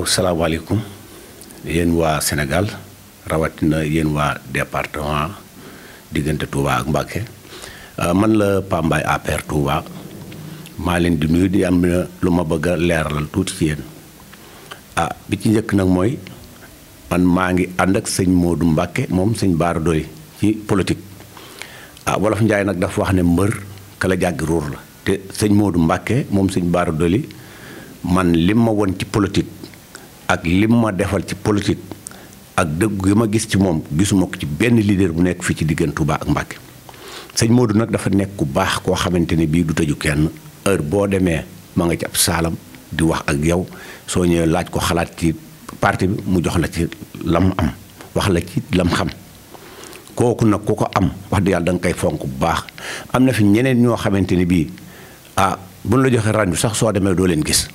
waaw salaamaaleykum yéen waa Sénégal rawatina yéen waa département diggante Touba ak Mbacké euh, man la Pape Mbaye APR Touba maa leen di nuyu di am lu ma bëgg leeralal tuuti ci yéen a ah, bi ci njëkk nag mooy man maa ngi ànd ak sëñ Modou Mbacké moom sëñ Bara Dolly ci politique a ah, wolof Njaay nag dafa wax ne mbër kala jàggi ruur la te sëñ Modou Mbacké moom sëñ Bara Dolly man li ma won ci politique ak lim ma defal ci politique ak dëgg gi ma gis ci moom gisuma ko ci benn leader bu nekk fii ci diggante Touba ak Mbacké sëñ moodu nag dafa nekk ku baax koo xamante ne bii du tëju kenn heure boo demee ma nga ci ab saalam di wax ak yow soo ñëwee laaj ko xalaat ci parti bi mu jox la ci lam am wax la ci lam xam kooku nag ku ko am wax dëgg yàlla da koy fonk bu baax am na fi ñeneen ñoo xamante ni bii ah buñ la joxee rajo sax soo demee doo leen gis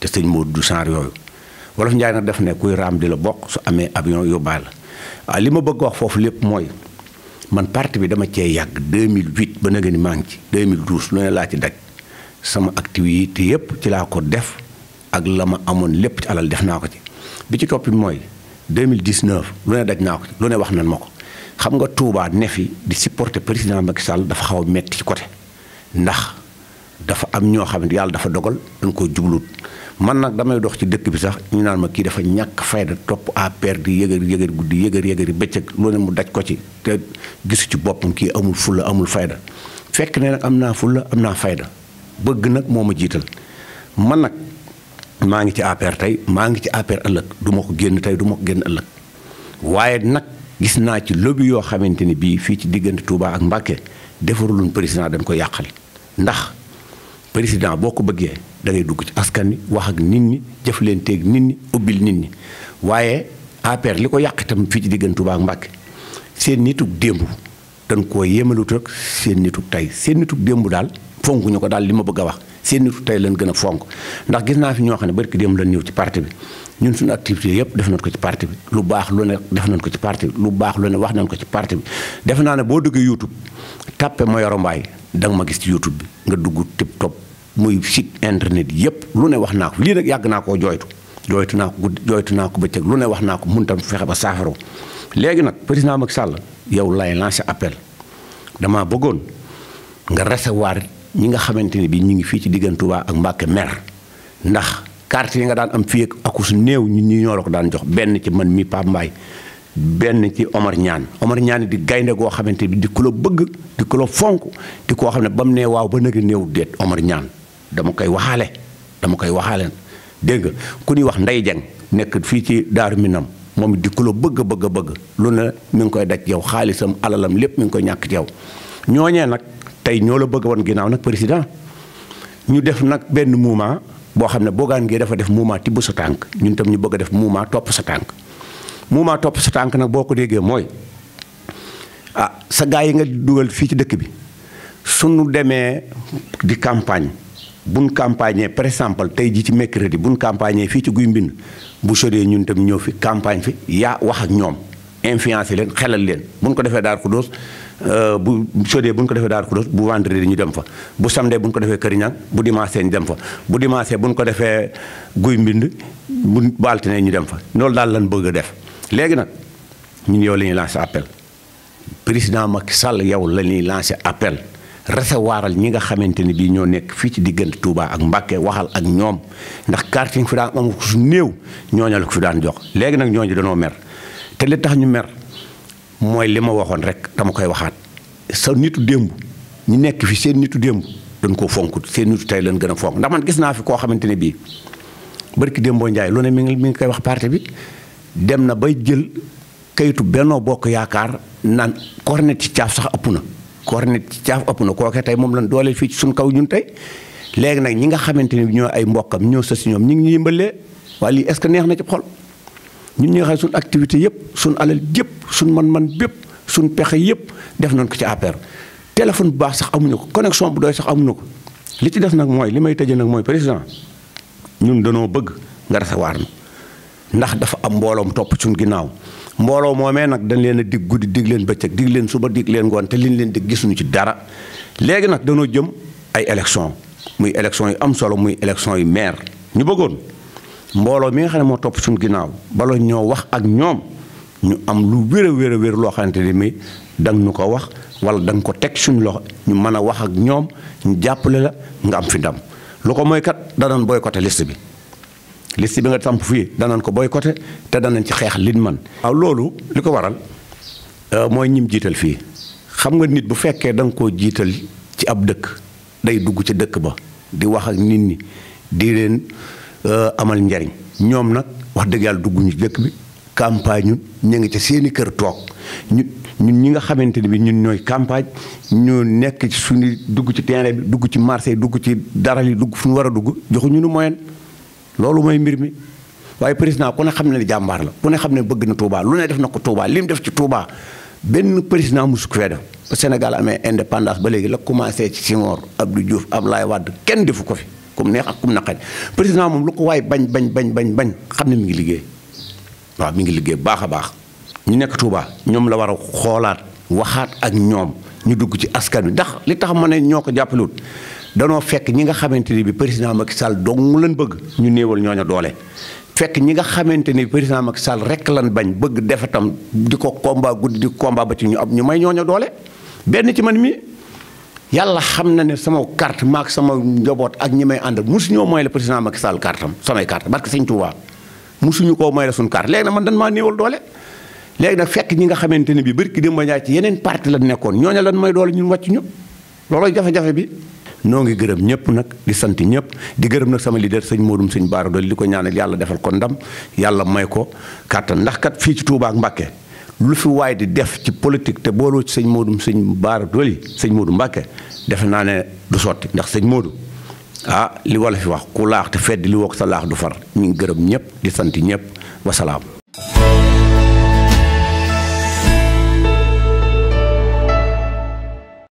te sëñ Modou du genre yooyu. wolof njaay nag def ne kuy raam di la bokk su amee avion la waaw ah, li ma bëgg wax foofu lépp mooy man parti bi dama cee yàgg 2008 ba nag ni maa ngi ci 2012 lu ne laa ci daj sama activité yépp ci laa ko def ak la ma amoon lépp ci alal def naa ko ci bi ci topp mooy 2019 lu ne daj naa ko ci lu ne wax nan ma ko xam nga Touba ne fi di supporter président Macky Sall dafa xaw a metti ci côté ndax dafa am ñoo xam yàlla dafa dogal dañ ko jublut man nag damay dox ci dëkk bi sax ñu naan ma kii dafa ñàkk fayda topp APR di yëgër yëgër guddi yëgër yëgër bëccëg loolu mu daj ko ci te gisu ci boppam kii amul fulla amul fayda fekk ne nag am naa fulla am naa fayda bëgg nag moo ma jiital man nag maa ngi ci APR tey maa ngi ci APR ëllëg duma ko génn tey duma ko génn ëllëg waaye nag gis naa ci lobby yoo xamante ni bii fii ci diggante Touba ak Mbacké defaruluñ président dañ ko yàqal ndax président boo ko bëggee dangay dugg ci askan wi wax ak nit ñi leen jëflanteeg nit ñi ubbil nit ñi waaye APR li ko yàq itam fii ci diggante Touba ak Mbàkke seen nitug démb dañ koo yéemalut rek seen nitug tey seen nitug daal fonk ñu ko daal li ma bëgg a wax seen nitug tey lañ gën a fonk ndax gis naa fi ñoo xam ne barki démb lañ ñëw ci parti bi ñun suñu activité yëpp def nañ ko ci parti bi lu baax lu ne def nañ ko ci parti bi lu baax lu ne wax nañ ko ci parti bi def naa ne boo dugg YouTube tàppe ma yoro danga ma gis ci YouTube bi nga dugg TikTok muy site internet yëpp lu ne wax naa ko lii nag yàgg naa koo jooytu jooytu naa ko guddi jooytu naa ko ba bëccëg lu ne wax naa ko mun tam fexe ba saafaro léegi nag président mag Sall yow lay lancé appel dama bëggoon nga recevoir ñi nga xamante ni bi ñu ngi fii ci diggante Touba ak Mbacke mer ndax carte yi nga daan am fii ak akus néew ñun ñi ñoo la ko daan jox benn ci man mii Pape benn ci Omar Ñaan Omar Ñaan di gaynde goo xamante bi di ku la bëgg di ku fonk di koo xam ne ba mu nee waaw ba nag néew déet Omar Ñaan dama koy waxaale dama koy waxaale dégg nga ku ñuy wax Ndey Jeng nekk fii ci Daaru Minam moom di ku la bëgg bëgg lu ne mi ngi koy daj yow xaalisam alalam lépp mi ngi koy ñàkk ci yow ñooñee nag tey ñoo la bëgg woon ginnaaw nag président ñu def nag benn mouvement boo xam ne boogaan ngee dafa def mouvement tibb sa tànk ñun tam ñu bëgg def mouvement topp sa tànk mu maa topp sa tànk nag boo ko déggee mooy a ah, sa gaa yi nga dugal fii ci dëkk bi suñu demee di campagne buñ campagne par exemple tey jii ci mercredi buñ campagne fii ci guy mbind bu sodee ñun tam ñëw fi campagne fi yaa wax ak ñoom influencé leen xelal leen buñ ko defee daar ku doos euh, bu sodee buñ ko defee daar ku doos bu vendredi ñu dem fa bu samedi buñ ko defee këriñang bu dimanche ñu dem fa bu dimanche buñ ko defee guy mbind bu altine ñu dem fa loolu daal lan bëgg a def léegi nag ñu ñun yow la ñuy lancé appel président Macky Sall yow la ñuy lancé appel recevoiral ñi nga xamante ni bii ñoo nekk fii ci diggante Touba ak Mbacke waxal ak ñoom ndax carte yi fi daan am su néew ñooñal la ko fi daan jox léegi nag ñooñu danoo mer te li tax ñu mer mooy li ma waxoon rek dama koy waxaat sa nitu démb ñu nekk fi seen nitu démb dañ koo fonk seen nitu tey leen gën a fonk ndax man gis naa fi koo xamante ni bii barki démboo Ndiaye lu ne mi ngi mi ngi koy wax parti bi. dem na bay jël kayitu Benno Bokk Yaakaar naan cornet ci caaf sax ëpp na cornet ci caaf ëpp na kooke tey moom lan dooleel fii ci suñ kaw ñun tey léegi nag ñi nga xamante ni ñoo ay mbokkam ñoo sës ñoom ñu ngi ñuy yimbalee waaye lii est ce que neex na ci xol ñun ñi nga xam suñ activité yëpp suñ alal yëpp suñ man-man bépp suñ pexe yëpp def nañ ko ci APR téléphone bu baax sax amuñu ko connexion bu dooy sax amuñu ko li ci def nag mooy li may tëjee nag mooy président ñun danoo bëgg nga recevoir na ndax dafa am mbooloom topp suñ ginnaaw mbooloo moomee nag dañ leen a dig guddi dig leen bëccëg dig leen suba dig leen ngoon te liñ leen dig gisuñu ci dara léegi nag dañoo jëm ay élection muy élection yu am solo muy élection yu maire ñu bëggoon mbooloo mi nga xam ne moo topp suñu ginnaaw bala ñoo wax ak ñoom ñu am lu wér a wér a wér loo xamante ni mi dang ñu ko wax wala danga ko teg suñu loxo ñu mën a wax ak ñoom ñu jàppale la nga am fi ndam lu ko mooy kat danañ boycotté liste bi liste bi nga tamp fii danan ko booy boycotté te danañ ci xeex liñ man waaw loolu li ko waral euh, mooy ñim jiital fii xam nga nit bu fekkee danga koo jiital ci ab dëkk day dugg ci dëkk ba di wax ak nit ñi di leen euh, amal njariñ ñoom nag wax dëgg yàlla dugg ñu bi campagne ñu ngi ci seeni kër toog ñu ñun ñi nga xamante ne bi ñun ñooy campagne ñu nekk ci suñu dugg ci terrain bi dugg ci marché dugg ci dara yi dugg fu ñu war a dugg joxuñu nu moyen loolu mooy mbir mi waaye président ku ne xam ne ni jàmbaar la ku ne xam ne bëgg na Touba lu ne def na ko Touba mu def ci Touba benn président musu ko fee def ba Sénégal amee indépendance ba léegi la commencé ci ab Senghor Abdou Diouf laay wàdd kenn defu ko fi comme neex ak kum naqari président moom lu ko waay bañ bañ bañ bañ bañ xam ne mi ngi liggéey waaw mi ngi liggéey baax a baax ñu nekk tuubaa ñoom la war a xoolaat waxaat ak ñoom ñu dugg ci askan wi ndax li tax ma ne ñoo ko jàppalewut danoo fekk ñi nga xamante ni bi président Macky Sall dong mu leen bëgg ñu néewal ñooñu doole. fekk ñi nga xamante ni président Macky Sall rek lan bañ bëgg def itam di ko combat di combat ba ci ñu am ñu may ñooñu doole benn ci man mi yàlla xam na ne sama carte maak sama njaboot ak ñi may àndal mosuñoo mooy la président Macky Sall cartam samay carte parce que sëñ Touba mosuñu koo mooy la suñu carte léegi nag man dañ maa néewal doole. léegi nag fekk ñi nga xamante ne bi barki démb ñaar ci yeneen parti la nekkoon ñooño lan may doole ñun wàcc ñu loolooy jafe-jafe bi. noo ngi gërëm ñëpp nag di sant ñëpp di gërëm nag sama leader sëñ Modou sëñ Baara Dolly di ko ñaanal yàlla defal ko ndam yàlla may ko kàttan ndax kat fii ci tuubaak ak lu fi waaye di def ci politique te booloo ci sëñ Modou sëñ Baara Dolly sëñ Modou Mbacké defe naa ne du sotti ndax sëñ moodu ah li walla fi wax ku laax te fedd li wokk sa laax du far ñu ngi gërëm ñëpp di sant ñëpp wasalaam.